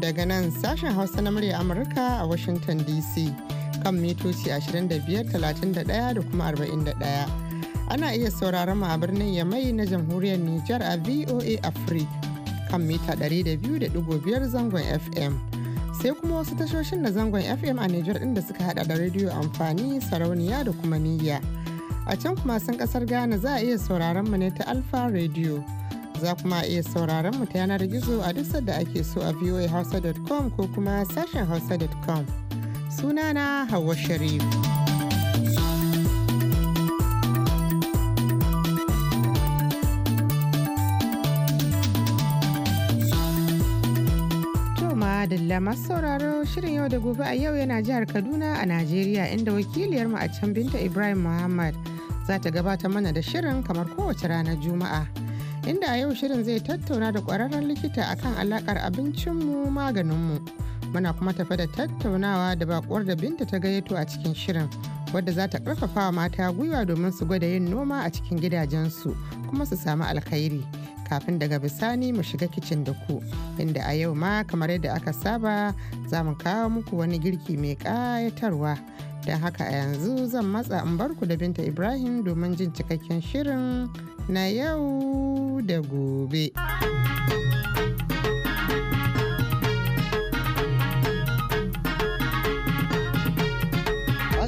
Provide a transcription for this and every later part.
daga nan sashen hausa na murya amurka a washington dc kan mitoci 25,31 da kuma 41 ana iya sauraron mu a birnin yamai na jamhuriyar nijar a voa africa kan mita 200.5 zangon fm sai kuma wasu tashoshin na zangon fm a nijar inda suka hada da rediyo amfani sarauniya da kuma niyya a can kuma sun kasar ghana za a iya sauraron mu ne ta alfa radio za kuma iya sauraron mu ta yanar gizo a duk sadda ake so a voahausa.com ko kuma sashen hausa.com sunana hawa sharif Adalla masu sauraro shirin yau da gobe a yau yana jihar Kaduna a Najeriya inda wakiliyarmu a can Binta Ibrahim Muhammad za ta gabata mana da shirin kamar kowace ranar Juma'a. inda a yau shirin zai tattauna da kwararren likita akan alakar abincinmu maganinmu muna kuma tafi da tattaunawa da bakuwar da binta ta gayyato a cikin shirin wadda za ta karfafa wa mata gwiwa domin su gwada yin noma a cikin gidajensu kuma su samu alkhairi kafin daga bisani mu shiga kicin da ku inda a yau ma kamar yadda aka saba za mu kawo muku wani girki mai ƙayatarwa don haka a yanzu zan matsa in barku da binta ibrahim domin jin cikakken shirin na yau da gobe.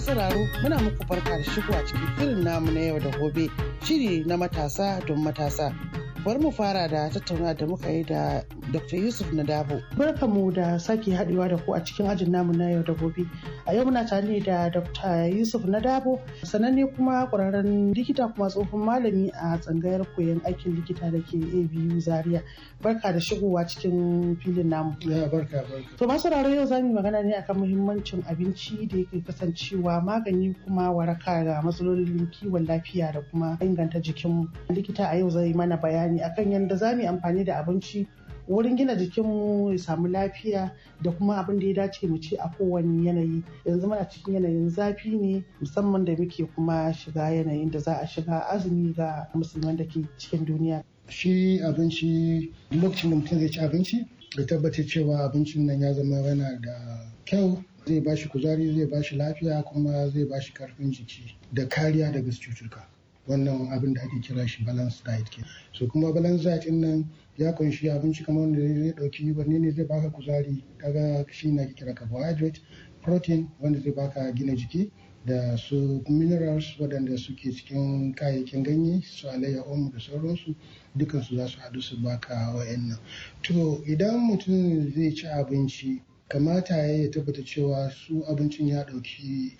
sauraro muna muku farka da shigowa a cikin shirin namu na yau da gobe shiri na matasa don matasa bari mu fara da tattauna da muka yi da dr yusuf nadabo barka mu da sake haɗewa da ku a cikin ajin namu na yau da gobe a yau muna tare da dr yusuf na Dabo? sananne kuma ƙwararren likita kuma tsohon malami a tsangayar koyon aikin likita da ke abu zaria barka da shigowa cikin filin namu barka barka to masu yau za mu magana ne akan muhimmancin abinci da yake kasancewa magani kuma waraka ga matsalolin kiwon lafiya da kuma inganta jikin likita a yau zai mana bayani bayani akan yadda za mu yi amfani da abinci wurin gina jikinmu ya samu lafiya da kuma abin da ya dace mu ci a kowane yanayi yanzu muna cikin yanayin zafi ne musamman da muke kuma shiga yanayin da za a shiga azumi ga musulman da ke cikin duniya shi abinci lokacin da mutum zai ci abinci da tabbatar cewa abincin nan ya zama yana da kyau zai bashi kuzari zai bashi lafiya kuma zai bashi karfin jiki da kariya daga cututtuka wannan abin da ake kira shi balance diet ke so kuma balance diet din nan ya kunshi abinci kamar wanda zai dauki wanne ne zai baka kuzari kaga shi na kira carbohydrate protein wanda zai baka gina jiki da su minerals waɗanda suke cikin kayayyakin ganye su alayya omu da sauransu dukansu za su haɗu su baka nan to idan mutum zai ci abinci kamata ya yi tabbata cewa su abincin ya ɗauki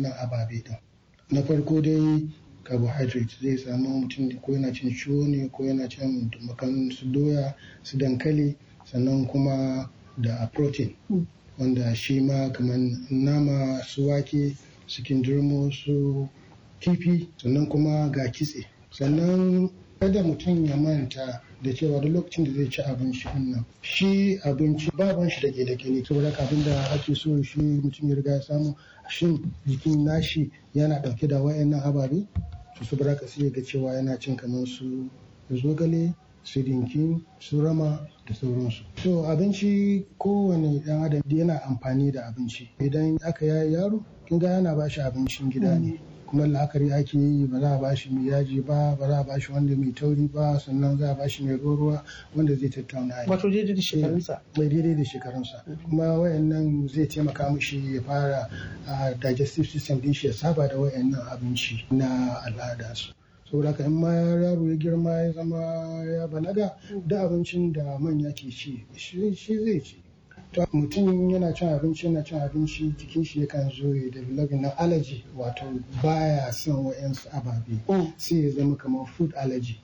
nan ababe ɗin na farko dai carbohydrate zai samu mutum ko yana cin ciwo ne ko yana cin makan su doya su dankali sannan kuma da protein wanda shi ma kamar nama su wake su kindirmo su kifi sannan kuma ga kitse sannan kada mutum ya manta da cewa duk lokacin da zai ci abinci din nan shi abinci baban shi da ke da ne saboda abin da ake so shi mutum ya riga ya samu shin jikin nashi yana dauke da wayannan ababe to saboda ka sai ga cewa yana cin kamar su zogale su dinki su rama da sauransu to abinci kowane dan adam yana amfani da abinci idan aka yaya yaro kin ga yana ba shi abincin gida ne kuma la'akari ake yi ba za a shi mai yaji ba ba za a ba shi wanda mai tauri ba sannan za a ba shi mai ruwa wanda zai tattauna ya wato daidai da shekarunsa eh, mai daidai da shekarunsa kuma wayannan zai taimaka mishi ya fara digestive system din shi ya saba da wayannan abinci na al'ada su saboda haka in ma yaro ya girma ya zama ya balaga da abincin da manya ke ci shi zai ci mutum yana cin abinci yana cin abinci jikin shi yakan zo ya develop na allergy wato baya son wa'yansu ababe mm. sai ya zama kamar food allergy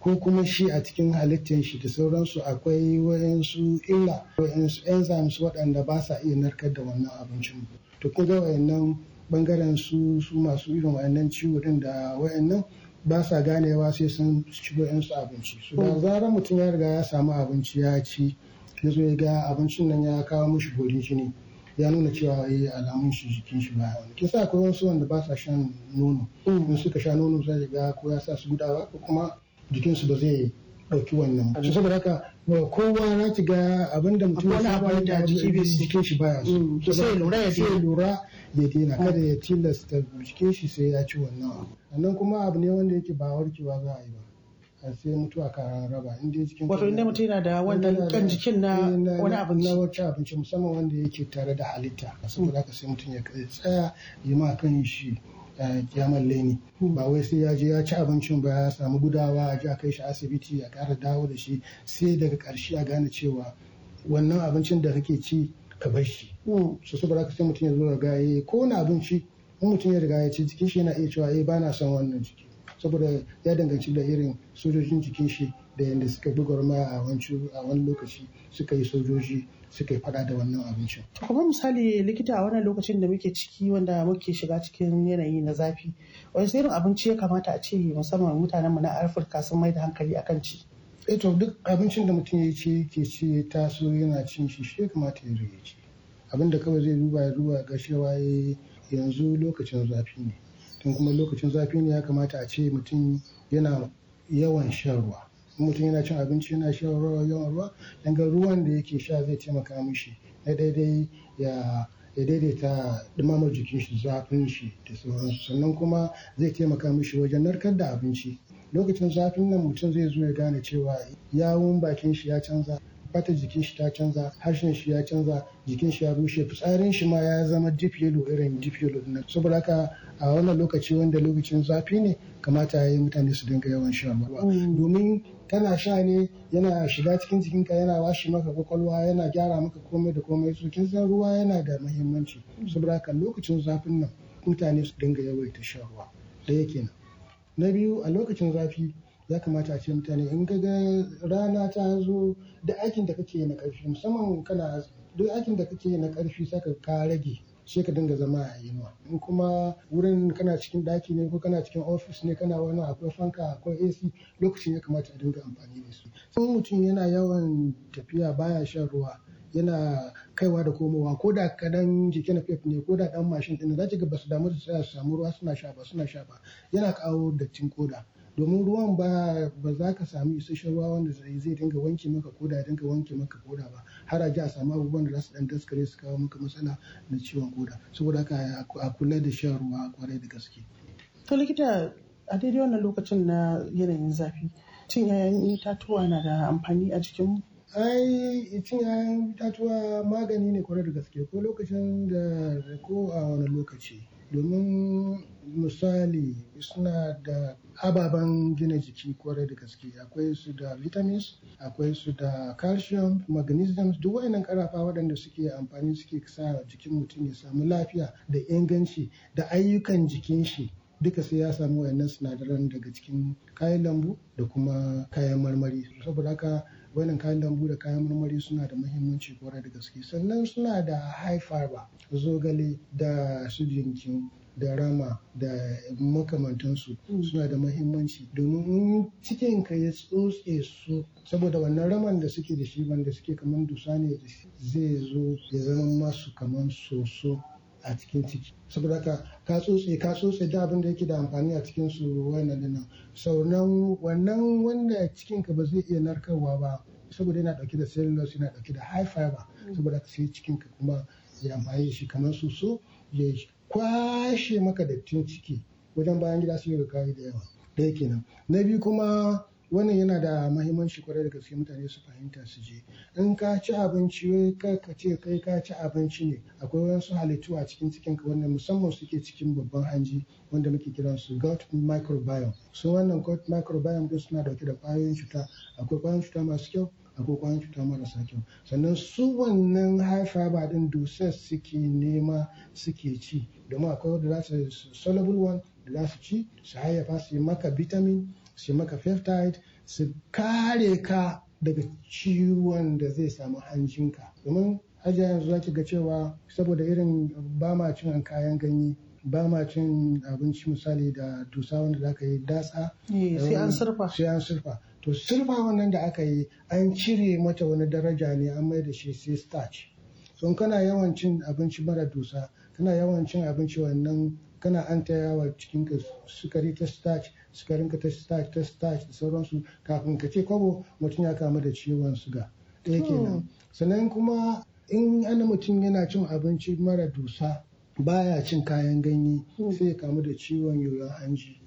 ko kuma shi a cikin halittar shi da sauransu akwai wayansu illa wayansu enzymes waɗanda ba sa iya narkar da wannan abincin to kun ga wayannan bangaren su su masu irin wayannan ciwo din da wayannan ba sa ganewa sai sun ci wayansu abinci so da mm. zarar mutum ya riga ya samu abinci ya ci ya zo ya ga abincin nan ya kawo mishi shi jini ya nuna cewa ya eh, yi alamun shi jikin shi baya wani kisa akwai wasu wanda ba sa shan nono in suka sha nono za ga ko ya sa su gudawa ko kuma jikinsu ba zai ɗauki wannan ba saboda haka kowa na ci ga abin da mutum ya saba da jikin shi mm, ya su sai lura ya sai lura ya daina kada mm. ya tilasta jikin shi sai ya ci wannan abu kuma abu ne wanda yake ba warkewa za a yi ba sai mutuwa ka raba inda dai jikin wato inda mutum yana da wannan kan jikin na eh, wani abinci na wata abinci musamman wanda yake tare da halitta saboda haka sai mutum ya tsaya ya ma kan shi eh, kiyamar leni ba wai sai ya je ya ci abincin ba ya samu gudawa a ji a kai shi asibiti ya kara dawo da shi sai daga karshe a gane cewa wannan abincin da kake ci ka bar shi hmm. su saboda haka sai mutum ya zo ga ya eh, yi ko wani abinci in mutum ya riga ya ci jikin shi yana iya cewa eh ba na son wannan jiki saboda ya danganci da irin sojojin jikin shi da yadda suka bi a wani lokaci suka yi sojoji suka yi fada da wannan abincin. kuma misali likita a wannan lokacin da muke ciki wanda muke shiga cikin yanayi na zafi wani irin abinci ya kamata a ce musamman mutanenmu na afirka sun mai da hankali akan ci. eh to duk abincin da mutum ya ce ke ci taso yana cin shi shi ya kamata ya rage ci abinda kawai zai duba ya duba ga cewa yanzu lokacin zafi ne tun kuma lokacin zafi ne ya kamata a ce mutum yana yawan shan ruwa mutum yana cin abinci yana shan ruwa yawan ruwa danga ruwan da yake sha zai taimaka mishi na daidai ya ya daidaita dumamar jikin shi zafin shi da sauransu sannan kuma zai taimaka mishi wajen narkar da abinci lokacin zafin nan mutum zai zo ya gane cewa yawun bakin shi ya canza fatar jikin shi ta canza harshen shi ya canza jikin shi ya rushe. fitsarin shi ma ya zama deep yellow irin deep yellow din saboda haka a wannan lokaci wanda lokacin zafi ne kamata ya yi mutane su dinga yawan shan ruwa mm. domin tana sha ne yana shiga cikin jikinka yana washe maka kwakwalwa yana gyara maka komai da komai su kin san ruwa yana da muhimmanci saboda haka lokacin zafin nan mutane su dinga yawaita shan ruwa da yake na biyu a lokacin zafi ya kamata a ce mutane in ga rana ta zo da aikin da kake na ƙarfi musamman kana duk aikin da kake na karfi saka ka rage sai ka dinga zama a yinwa in kuma wurin kana cikin daki ne ko kana cikin ofis ne kana wani akwai fanka akwai ac lokacin ya kamata a dinga amfani da su in mutum yana yawan tafiya baya shan ruwa yana kaiwa da komowa ko da kadan jikin fef ne ko da dan mashin din ki ga basu damu da su samu ruwa suna sha ba suna sha ba yana kawo dattin koda domin ruwan ba ba za ka sami isasshen ruwa wanda zai dinga wanke maka koda ya dinga wanke maka koda ba har a ji a samu abubuwan da za su dan daskare su kawo maka matsala na ciwon koda saboda haka a kula da shan ruwa kwarai da gaske to likita a daidai wannan lokacin na yanayin zafi cin 'ya'yan itatuwa na da amfani a jikin ai cin 'ya'yan itatuwa magani ne kwarai da gaske ko lokacin da ko a wani lokaci domin misali suna da ababen gina jiki kwarai da gaske akwai su da vitamins akwai su da calcium magnesium duk wayannan karafa waɗanda suke amfani suke sa jikin mutum ya samu lafiya da inganci da ayyukan jikin shi duka sai ya samu wayannan sinadaran daga cikin kayan lambu da kuma kayan marmari saboda haka wannan kayan lambu da kayan marmari suna da muhimmanci kwarai da gaske sannan suna da high fiber zogale da su jinkin da rama da makamantansu suna da mahimmanci domin cikin ka ya tsotse su saboda wannan raman da suke da shi wanda suke kaman dusa ne zai zo ya zama masu kaman soso a cikin ciki saboda ka ka tsotse ka tsotse da abin da yake da amfani a cikin su wannan dinnan sauran wannan wanda cikin ka ba zai iya narkarwa ba saboda yana dauke da cellulose yana dauke da high fiber saboda ka sai cikin ka kuma ya amfani da shi kamar soso ya kwashe maka dattin ciki wajen bayan gida sai yi kayi da yawa da kenan na biyu kuma wannan yana da mahimmanci kwarai da gaske mutane su fahimta su je in ka ci abinci kar ka ce kai ka ci abinci ne akwai wasu halittu a cikin cikin ka wanda musamman suke cikin babban hanji wanda muke kiran su gut microbiome su wannan gut microbiome din suna dauke da kwayoyin cuta akwai kwayoyin cuta masu kyau akwai kwayoyin cuta marasa kyau sannan su wannan high fiber din doses suke nema suke ci domin akwai wanda za su soluble one da za su ci su hayyafa su yi maka vitamin shi maka peptide su kare ka daga ciwon da zai samu hanjinka domin hajiya yanzu za ki ga cewa saboda irin ba ma cin kayan ganye ba ma cin abinci misali da dusa wanda za ka yi datsa eh, sai an surfa to surfa wannan da aka yi an cire mata wani daraja ne an mai da shi sai starch so kana yawan cin abinci mara dusa kana yawan cin abinci wannan kana an tayawa cikin ka sukari ta starch sukarin ka ta starch ta starch da sauransu kafin ka ce kwabo mutum ya kamu da ciwon suga ɗaya kenan sannan kuma in ana mutum yana cin abinci mara dusa baya cin kayan ganye hmm. sai ya kamu da ciwon yoyon hanji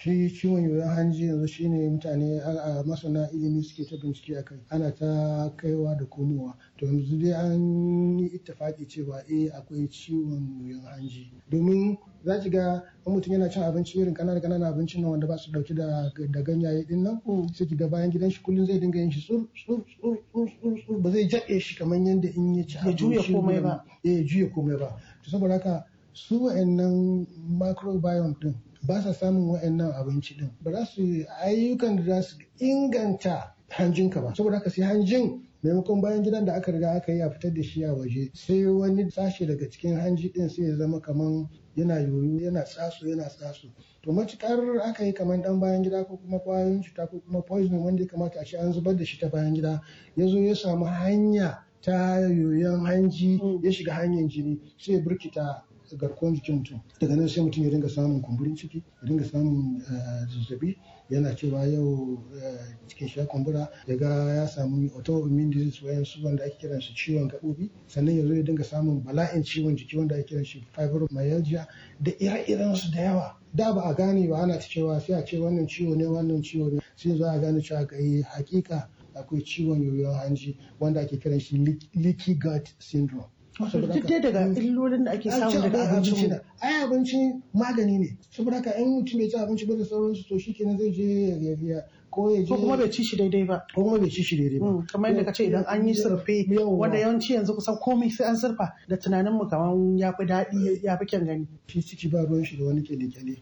shi ciwon yoyon hanji yanzu shine mutane a masana ilimi suke ta bincike a kai ana ta kaiwa da komowa to yanzu dai an yi ittifaki cewa eh akwai ciwon yoyon hanji domin za ki ga in mutum yana cin abinci irin kanana kananan abincin nan wanda ba su dauki da ganyaye din nan sai ki ga bayan gidan shi kullum zai dinga yin shi tsur tsur tsur tsur tsur ba zai jaɗe shi kamar yadda in ya ci abinci ya juya komai ba eh juya komai ba to saboda haka su wa'annan microbiome din ba sa samun wa'annan abinci din ba za su ayyukan da za su inganta hanjinka ba saboda haka sai hanjin maimakon bayan gidan da aka riga aka yi a fitar da shi a waje sai wani sashe daga cikin hanji din sai ya zama kaman yana yoyo yana tsaso yana tsaso to matukar aka yi kamar dan bayan gida ko kuma kwayoyin cuta ko kuma poison wanda ya kamata a ce an zubar da shi ta bayan gida ya zo ya samu hanya ta yoyon hanji ya shiga hanyar jini sai ya burkita garkuwar jikin mutum daga nan sai mutum ya dinga samun kumburin ciki ya dinga samun eh, zazzabi yana cewa yau eh, cikin sha kumbura ya ga ya samu autoimmune disease wayan su wanda ake kiran shi ciwon gaɓoɓi sannan ya zo ya dinga samun bala'in ciwon jiki wanda ake kiran shi fibromyalgia da ire-iren su da yawa da ba a gane ba ana ta cewa sai a ce wannan ciwo ne wannan ciwo ne sai za a gane cewa ga eh, hakika akwai ciwon yoyon hanji wanda ake kiran shi leaky gut syndrome duk dai daga mm. illolin da ake samu daga abinci mu ai abinci magani ne saboda haka in mutum bai ci abinci ba da sauransu to shikenan zai je ya biya ko ya je ko kuma bai ci shi daidai ba ko kuma bai ci shi daidai ba mm, kamar yadda kace idan an yi surfe wanda yawanci yanzu kusan komai sai an surfa da tunanin mu kamar ya fi daɗi ya fi kyan gani shi ciki ba ruwan shi da wani kyale-kyale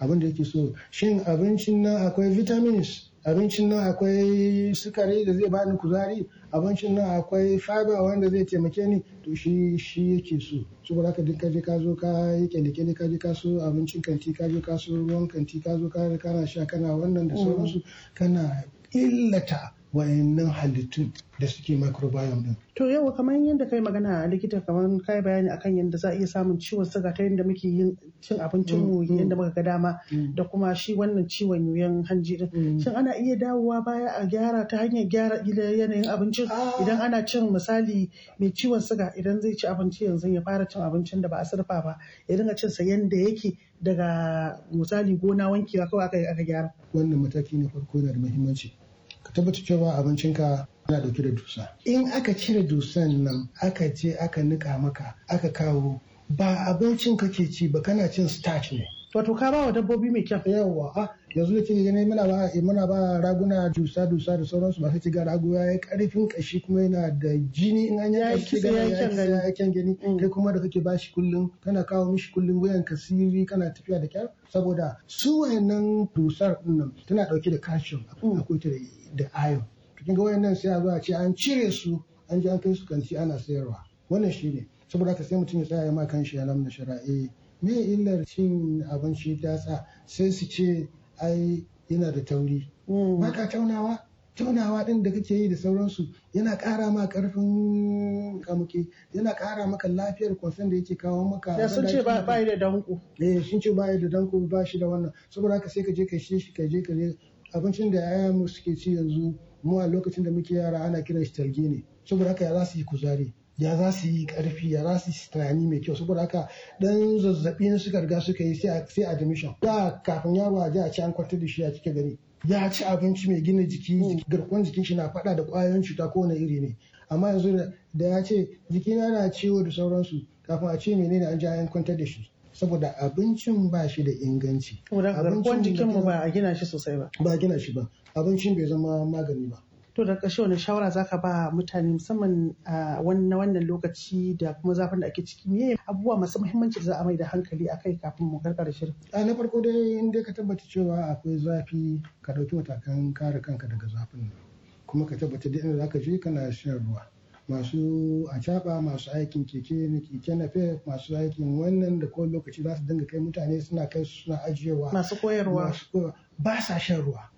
abin da yake so shin abincin nan akwai vitamins abincin nan akwai sukari da zai bani kuzari abincin nan akwai fiber wanda zai taimake ni to shi shi yake so saboda haka duk kaje ka zo ka yi kyalekyale ka je ka so abincin kanti ka je ka so ruwan kanti ka zo ka kana sha kana wannan da mm. sauransu kana illata wayannan halittun da suke microbiome din. To yau kamar yadda kai magana a likita kamar kai bayani akan yadda za a iya samun ciwon suga ta yadda muke yin cin abincin mu mm, mm, yadda muka ga dama mm. da kuma shi wannan ciwon yoyon hanji din. Shin ana iya dawowa baya a gyara ta hanyar gyara yanayin abincin ah. idan ana cin misali mai ciwon suga idan zai ci abinci yanzu ya fara cin abincin da ba a surfa ba ya dinga cin sa yadda yake daga misali gona wankewa kawai aka gyara. Wannan mataki na farko yana da muhimmanci. ka tabbata cewa abincinka yana dauke da dusa in aka cire dusan nan aka ce aka nika maka aka kawo ba abincin kake ci ba kana cin starch ne wato ka ba wa dabbobi mai kyau yawa a ah, yanzu da kike gani muna ba muna raguna dusa dusa da sauransu ba sai kiga rago ya yi karfin kashi kuma yana da jini in an yi kashi ya yi kyan gani mm. kai kuma da kake bashi kullum kana kawo mishi kullum wayan kasiri kana tafiya da kyar saboda su wayannan dusar nan tana dauke da calcium mm. a ta da iron kin ga wayannan sai a zo a ce an cire su an ji an kai su kanti ana sayarwa wannan ne saboda ka sai mutum ya tsaya ya ma kan shi ya lamna shara'i me illar cin abin shi tsa sai su ce ai yana da tauri hmm. baka taunawa taunawa din da kake yi da sauransu yana ƙara ma ƙarfin kamuke yana ƙara maka lafiyar kwasan da yake kawo maka ya sun ce ba da danko eh sun ce ba da danko ba shi da wannan saboda haka sai ka je ka shi ka je ka je abincin da yayan mu suke ci yanzu mu a lokacin da muke yara ana kiran shi talge ne saboda haka ya za su yi kuzari ya za su yi karfi ya za su yi tunani mai kyau saboda haka dan na suka riga suka yi sai admission da kafin yaro a a ci an da shi a cikin gari ya ci abinci mai gina jiki mm. garkuwan jikin shi na fada da kwayoyin cuta ko wani iri ne amma yanzu da ya ce jikina na ciwo da sauransu kafin a ce menene an ja an kwantar da shi saboda abincin ba shi da inganci. Abincin jikinmu ba a gina shi sosai ba. Ba a gina shi ba. Abincin bai zama magani ba. To da ƙarshe wani shawara zaka ba mutane musamman a wannan wannan lokaci da kuma zafin da ake ciki me abubuwa masu muhimmanci za a mai da hankali a kai kafin mu karkara shirin. A na farko dai in dai ka tabbata cewa akwai zafi ka ɗauki matakan kare kanka daga zafin nan kuma ka tabbata duk inda zaka je kana shan ruwa. Masu acaɓa masu aikin keke na keke na masu aikin wannan da kowane lokaci za su dinga kai mutane suna kai suna ajiyewa. Masu koyarwa. Ba sa shan ruwa.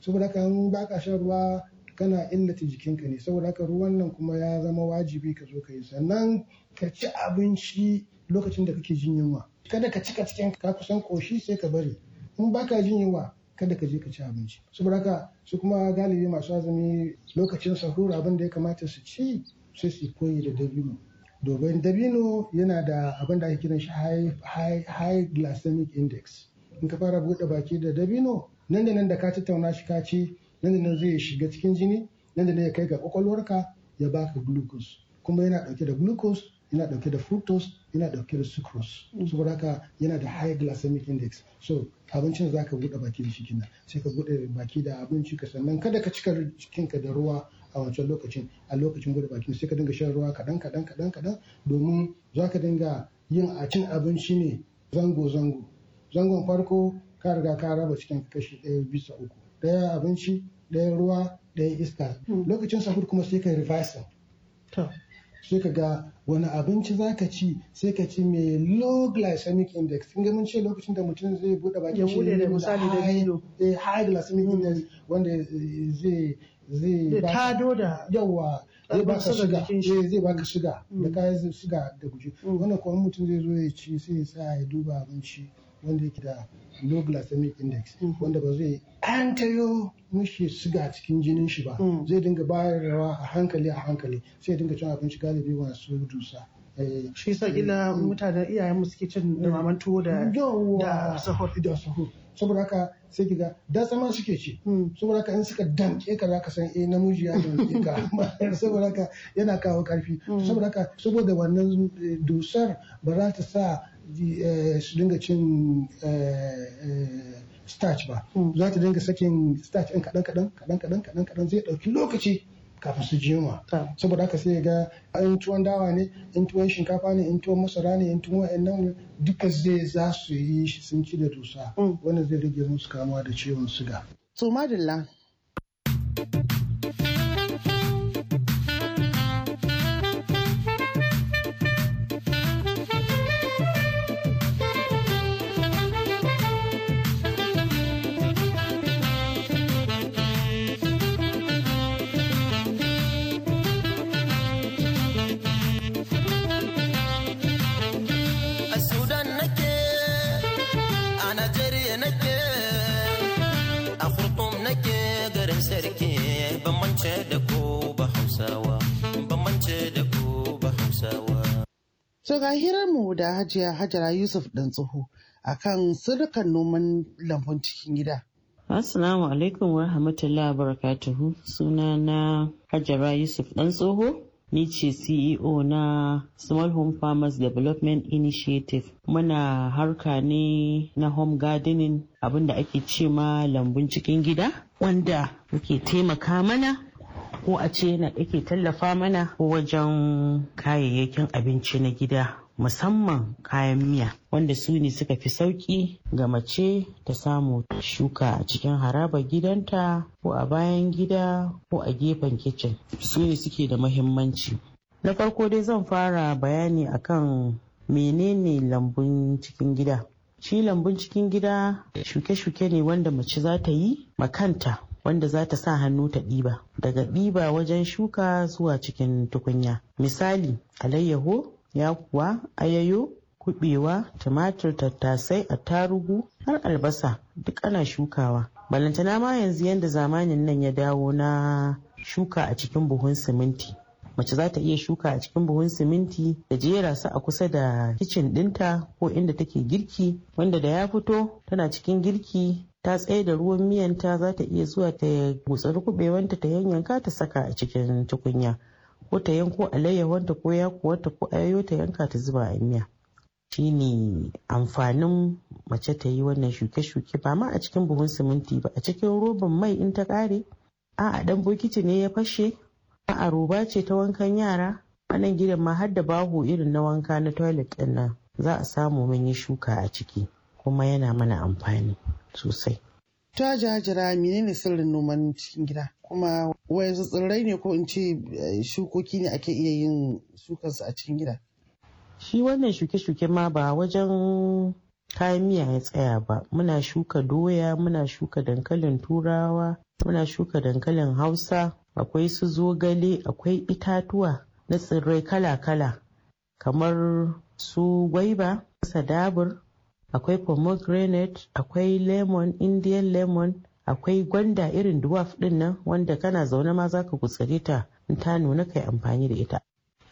Saboda kan ba ka shan ruwa kana illata jikinka ne saboda haka ruwan nan kuma ya zama wajibi ka zo ka yi sannan ka ci abinci lokacin da kake jin yunwa kada ka cika cikin ka kusan koshi sai ka bari in baka jin yunwa kada ka je ka ci abinci saboda haka su kuma galibi masu azumi lokacin sahur abin da ya kamata su ci sai su koyi da dabino domin dabino yana da abin da ake kiran shi high glycemic index in ka fara buɗe baki da dabino nan da nan da ka tattauna shi ka ci nan da nan zai shiga cikin jini nan da nan ya kai ga kwakwalwarka ya baka glucose kuma yana dauke da glucose yana dauke da fructose yana dauke da sucrose mm. saboda haka yana da high glycemic index so abincin za ka bude baki da shi kenan sai ka bude baki da abinci ka sannan kada ka cika cikinka da ruwa a wancan lokacin a lokacin bude baki sai ka dinga shan ruwa kadan kadan kadan kadan domin za ka dinga yin a cin abinci ne zango zango zangon farko ka riga ka raba cikin kashi ɗaya bisa uku ɗaya abinci ɗayan ruwa ɗayan iska hmm. lokacin sahur kuma sai ka revising sai ka ga wani abinci za ka ci sai ka ci mai low glycemic index in mun ce lokacin da mutum zai bude bakin shi ne da misali da biyu eh, high glycemic hmm. index wanda eh, zai zai tado da yawa eh, zai baka shiga zai baka shiga da hmm. kayan shiga da guji wannan kuma mutum zai zo ya ci sai ya sa ya duba abinci wanda yake da low glycemic index wanda ba zai an tayo mishi siga cikin jinin shi ba mm. zai dinga bayarwa a hankali a hankali sai dinga cin abinci galibi masu dusa eh, shi sa ila eh, mutanen iyayen mu suke cin dumaman eh, tuwo da da sahur da sahur saboda haka sai kiga da tsama suke ci mm. saboda haka in suka danke ka zaka san eh namiji ya danke ka saboda haka yana kawo karfi mm. saboda haka saboda wannan dusar ba za ta sa Eh, su dinga cin eh, eh, starch ba hmm. za ta dinga sakin starch ɗin kaɗan kaɗan kaɗan kaɗan kaɗan kaɗan zai ɗauki lokaci kafin su jima hmm. saboda haka sai ga An tuwon dawa ne in tuwon shinkafa ne in tuwon masara ne in tuwon wa'annan duka zai za su yi shi sun ci da dusa hmm. wannan zai rage musu kamuwa da ciwon suga. to madalla To ga mu da Hajiya Hajara Yusuf ɗan tsoho kan sirrukan noman lambun cikin gida. Assalamu alaikum wa rahmatullahi wa barakatuhu suna na Hajara Yusuf ɗan tsoho ni ce CEO na Small Home Farmers Development Initiative. Muna harka ne na home gardening abinda ake ce ma lambun cikin gida wanda muke taimaka mana ko a ce yana yake tallafa mana wajen kayayyakin abinci na gida musamman kayan miya wanda su ne suka fi sauki ga mace ta samu shuka a cikin harabar gidanta ko a bayan gida ko a gefen kicin su ne suke da mahimmanci na farko dai zan fara bayani akan menene lambun cikin gida shi lambun cikin gida shuke-shuke ne wanda mace za ta yi makanta wanda za ta sa hannu ta ɗiba daga ɗiba wajen shuka zuwa cikin tukunya misali alayyaho ya kuwa ayayo Kuɓewa, tumatir tattasai attarugu har albasa duk ana shukawa balantana ma yanzu yadda zamanin nan ya dawo na shuka a cikin buhun siminti mace za ta iya shuka a cikin buhun siminti da jera su a kusa da kicin dinta ko inda take girki wanda da ya fito tana cikin girki ta tsaye da ruwan miyan ta za ta iya zuwa ta gutsari kubewanta ta yanyanka ta saka a cikin tukunya ko ta yanko alayyahonta ko yakuwarta ko ayoyo ta yanka ta zuba a miya shine amfanin mace ta yi wannan shuke-shuke ba ma a cikin buhun siminti ba a cikin roban mai in ta kare a a dan bokiti ne ya fashe a roba ce ta wankan yara a nan gidan ma har da baho irin na wanka na toilet din nan za a samu mun yi shuka a ciki kuma yana mana amfani sosai. Ta jajira menene sirrin noman cikin gida kuma su tsirrai ne ko in ce eh, shukoki ne ake iya yin shukansu a cikin gida. Shi wannan shuke-shuke ma ba wajen kayan miya ya tsaya ba muna shuka doya muna shuka dankalin turawa muna shuka dankalin hausa akwai su zogale akwai itatuwa na tsirrai kala-kala kamar su gwaiba sadabur akwai pomegranate akwai lemon indian lemon akwai gwanda irin dwarf din nan wanda kana zaune ma zaka gutsare ta in ta nuna kai amfani da ita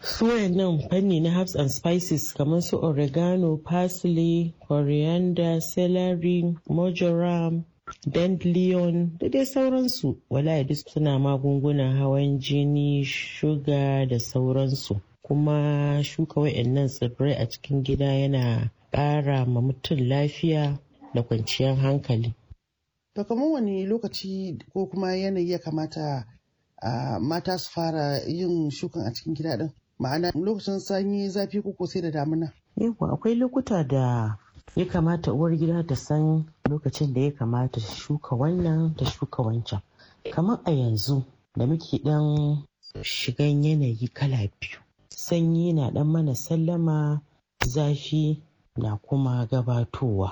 su nan fanni na herbs and spices kamar su oregano parsley coriander celery marjoram dandelion da dai sauransu wala duk suna magungunan hawan jini shuga da sauransu kuma shuka wayannan tsirrai a cikin gida yana ƙara ma mutum lafiya da kwanciyar hankali. To kamar wani lokaci ko kuma yanayi ya kamata mata su fara yin shukan a cikin gida ɗin? ma'ana lokacin sanyi zafi ko sai da damuna. Yawwa akwai lokuta da ya kamata uwar gida ta san lokacin da ya kamata ta shuka wannan da shuka wancan. Kamar a yanzu da muke ɗan shigan yanayi kala biyu. Sanyi na ɗan mana sallama zafi na kuma gabatowa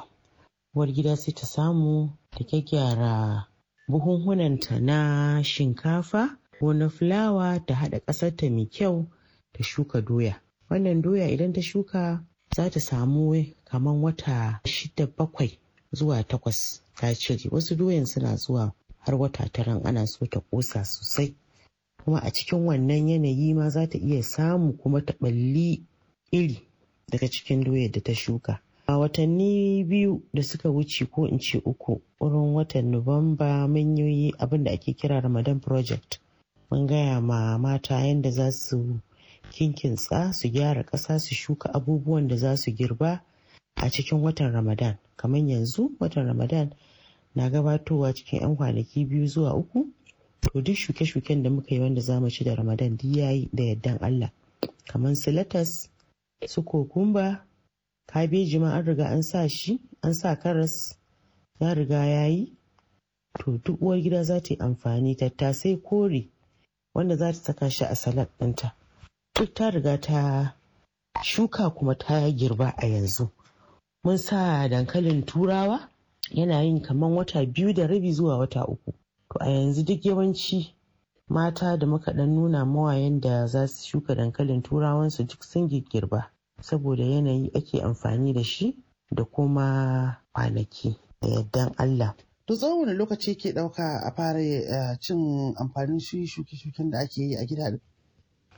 uwar gida sai ta samu ta gyara buhunhunanta na shinkafa ko na fulawa ta haɗa ƙasarta mai kyau ta shuka doya wannan doya idan ta shuka za ta samu kamar wata shida bakwai zuwa takwas ta cire wasu doyan suna zuwa har wata taran ana so ta ƙosa sosai kuma a cikin wannan yanayi ma za ta iya samu kuma ta ɓalli iri daga cikin doyar da ta shuka a watanni biyu da suka wuce ko in ce uku wurin watan nuwamba mun yi abin da ake kira ramadan project mun gaya ma mata yadda za su kinkintsa su gyara ƙasa su shuka abubuwan da za su girba a cikin watan ramadan kamar yanzu watan ramadan na gabatowa cikin 'yan kwanaki biyu zuwa uku to duk shuke-shuken da muka yi wanda za mu ci da ramadan duk yayi da yaddan allah kamar su latas su kokumba kabeji ma an riga an sa shi an sa karas ya riga ya yi to duk uwar gida za ta yi amfani tattasai kore wanda za ta saka shi a salad ɗinta duk ta riga ta shuka kuma ta girba a yanzu mun sa dankalin turawa yana yin kaman wata biyu da rabi zuwa wata uku to a yanzu duk yawanci mata da muka ɗan nuna mawa da za su shuka dankalin turawan su duk sun girba saboda yanayi ake amfani da shi da kuma kwanaki da yardan Allah. To tsawon wani lokaci ke dauka a fara eh, cin amfanin shi shuke-shuken da ake yi a gida?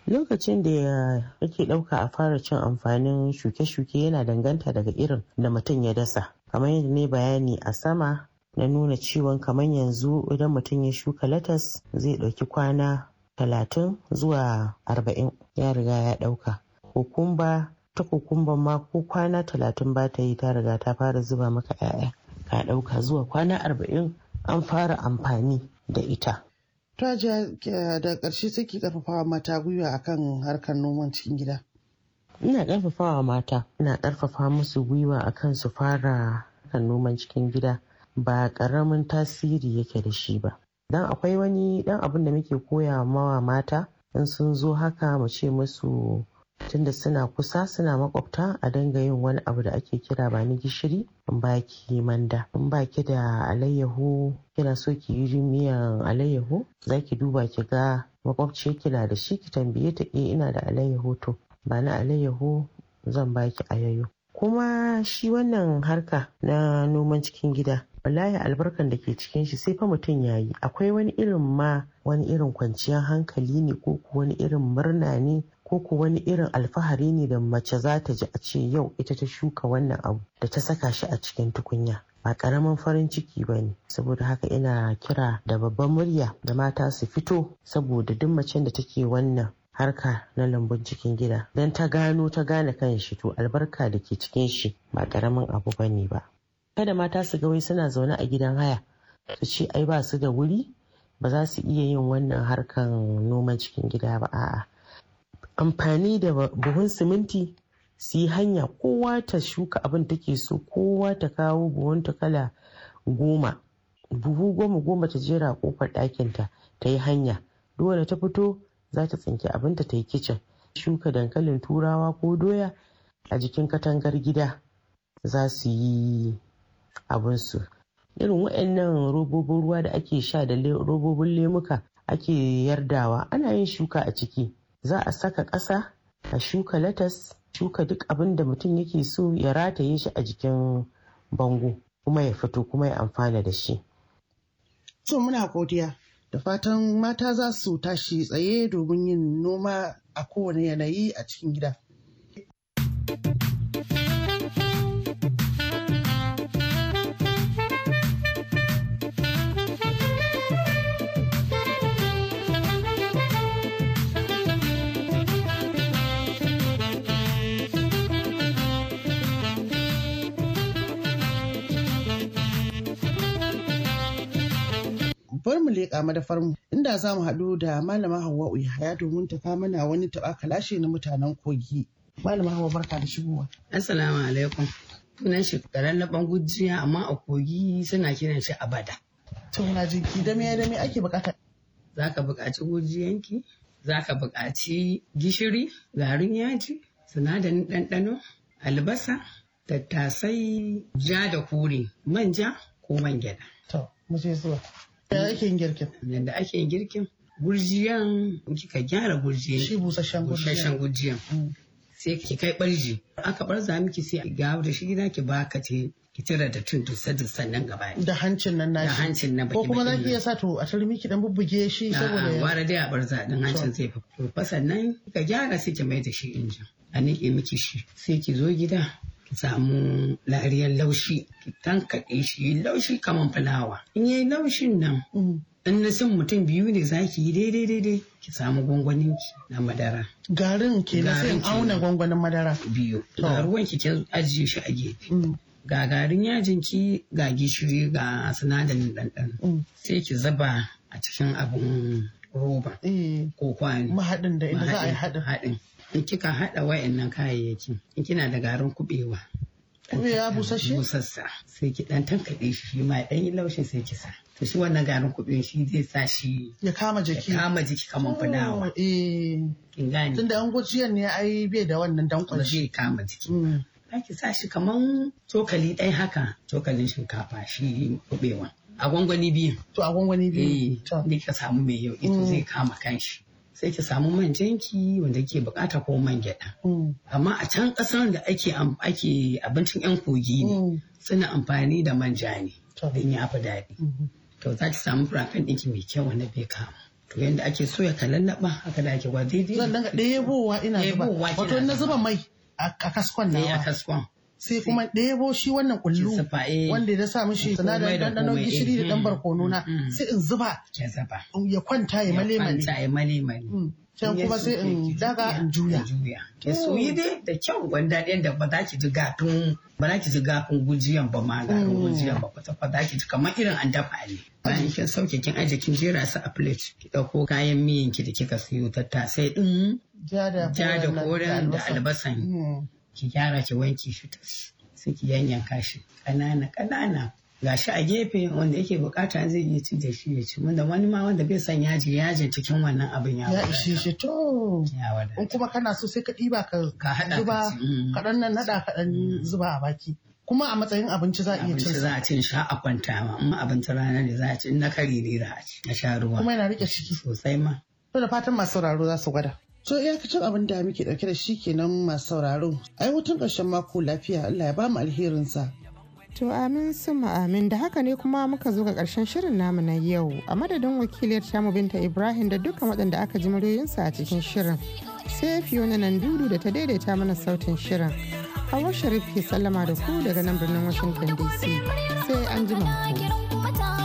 Lokacin da ake ɗauka a fara cin amfanin shuke-shuke yana danganta daga irin da mutum ya dasa. Kamar yadda ne bayani a sama na nuna ciwon kamar yanzu idan mutum ya shuka latas zai ɗauki kwana talatin zuwa arba'in ya riga ya ɗauka kukumba ta kukumba ma ko kwana talatin ba ta yi ta riga ta fara zuba maka 'ya'ya ka ɗauka zuwa kwana arba'in an fara amfani da ita Taja da ƙarshe suke ƙarfafawa mata gwiwa akan harkar noman cikin gida. Ina ƙarfafawa mata, ina ƙarfafa musu gwiwa akan su fara harkar noman cikin gida. ba ƙaramin tasiri yake da shi ba don akwai wani ɗan abin da muke koya mawa mata in sun zo haka mu ce musu tunda suna kusa suna makwabta a dinga yin wani abu da ake kira ba ni gishiri in baki manda in baki da alayyahu kina so ki yi miyan alayyahu za ki duba ki ga makwabci kina da shi ki tambaye ta eh ina da alayyahu to ba na alayyahu zan baki ayayo kuma shi wannan harka na noman cikin gida wallahi albarkan da ke cikin shi sai fa mutum ya yi akwai wani irin ma wani irin kwanciyar hankali ne ko wani irin murna ne ko ku wani irin alfahari ne da mace za ta ji a ce yau ita ta shuka wannan abu da ta saka shi a cikin tukunya ba karamin farin ciki ba ne saboda haka ina kira da babban murya da mata su fito saboda duk macen da take wannan harka na lambun cikin gida don ta gano ta gane kan shi to albarka da ke cikin shi ba karamin abu ba ne ba kada mata su ga wai suna zaune a gidan haya su ce ai ba su da wuri ba za su iya yin wannan harkan noma cikin gida ba a'a amfani da buhun siminti su yi hanya kowa ta shuka abin take so kowa ta kawo buhun ta kala goma buhu goma goma ta jera kofar ɗakinta ta yi hanya dole ta fito za ta tsinki abinta ta yi kicin shuka dankalin turawa ko doya a jikin katangar gida za su yi abinsu irin waɗannan robobin ruwa da ake sha da robobin lemuka ake yardawa ana yin shuka a ciki za a saka ƙasa a shuka latas shuka duk abin da mutum yake so ya rataye shi a jikin bango kuma ya fito kuma ya amfana da shi. So muna godiya da fatan mata za su tashi tsaye domin yin noma a kowane yanayi a cikin gida. bar mu leƙa madafar mu inda za mu haɗu da malama Hauwa haya domin ta kama mana wani taɓa kalashe na mutanen kogi. Malama hawa barka da shigowa. Assalamu alaikum. Sunan shi na gujiya amma a kogi suna kiran shi abada. To na jinki da me da me ake bukata? Za ka buƙaci gujiyanki, za ka buƙaci gishiri, garin yaji, sinadarin ɗanɗano, albasa, tattasai ja da kore, manja ko man gyada. To, mu je zuwa. da ake girkin? da ake girkin. Gurjiyan kika gyara gurjiyan. Shi busasshen gurjiyan. Busasshen gurjiyan. Sai ki kai barji. Aka barza miki sai ki gawo da shi gida ki baka ce ki tira da tun dusa dusa nan gaba da hancin nan shi. da hancin nan ko kuma ki iya sa to a tarmi ki dan bubbuge shi saboda ya ware dai a barza dan hancin zai fito fa sannan ka gyara sai ki mai da shi injin a nike miki shi sai ki zo gida samu lariyar laushi ki kaɗe shi yi laushi kamar fulawa in yi laushin nan mm. in na sun mutum biyu ne za ki yi daidai daidai ki samu gwangwanin ki na madara garin ke na sai auna gwangwanin madara biyu garuwan ki ke ajiye shi a gefe mm. ga garin yajin ki ga gishiri ga sinadarin ɗanɗano mm. sai ki zuba a cikin abun roba eh. ko kwano mahaɗin da inda za a yi haɗin in kika haɗa wayannan kayayyakin in kina da garin kubewa. Kube ya busasshe busassa sai ki dan tankaɗe shi shi ma dan yi laushin sai ki sa to shi wannan garin kubewa shi zai sa shi ya kama jiki ya kama jiki kaman fulawa oh, eh kin gane tunda an gujiyan ne ai bai da wannan dankon shi kama jiki mm. ki sa shi kaman cokali ɗaya haka cokalin shinkafa shi kubewa. a gwangwani biyu to a gwangwani biyu eh da ka samu mai yau ito mm. zai kama kanshi sai ki samu man janki wanda ke bukata ko man gyada. Mm. Amma a can kasar da ake ake abincin yan kogi ne mm. suna amfani da manja ne don ya fi daɗi. Mm-hmm. To za ki samu furafin ɗinki mai kyau wanda bai kamu. To yanda ake so ya kalallaba haka da ake gwa daidai. Zan dinga ɗebowa ina zuba. Wato na zuba mai a kaskon na. a kaskon. Eh, sai kuma ɗebo shi wannan kullu eh. wanda ya sa mishi sanadar ɗanɗanon gishiri da eh. ɗan barkono na mm, mm, mm. sai in zuba ya kwanta ya male can kuma sai in daga in juya. Ya soyi dai da kyau wanda ɗayan da ba za ki ji gafin ba za ki ji gafin gujiyan ba ma garin gujiyan ba kwata kwata za ki ji kamar irin an dafa ne. Bayan kin sauke kin aje kin jera su a plate ki ɗauko kayan miyan ki da kika siyo tattasai ɗin. Ja da koren da albasan. ki gyara ki wanke shi tas sai ki yanyanka shi ƙanana ƙanana shi a gefe wanda yake bukata zai iya ci da shi ya ci wanda wani ma wanda bai san yaji yajin cikin wannan abin ya ya ishe shi to in kuma kana so sai ka ɗiba ka zuba mm. kaɗan nan naɗa kaɗan mm. zuba a baki kuma a matsayin abinci za a iya cin za a cin sha a kwanta ma in abincin rana ne za a ci na kari ne za a ci na sha ruwa kuma yana rike ciki sosai ma to da fatan masu sauraro za su gwada To iyakacin abin da muke dauke da shi kenan masu sauraro. Ai wutan karshen mako lafiya Allah ya ba mu alherinsa. To amin mu amin da haka ne kuma muka zo ga karshen shirin namu na yau a madadin wakiliyar tamu binta Ibrahim da dukkan waɗanda aka ji muryoyinsa a cikin shirin. Sai Fiona nan dudu da ta daidaita mana sautin shirin. Hawa Sharif ke sallama da ku daga nan birnin Washington DC. Sai an ji ku.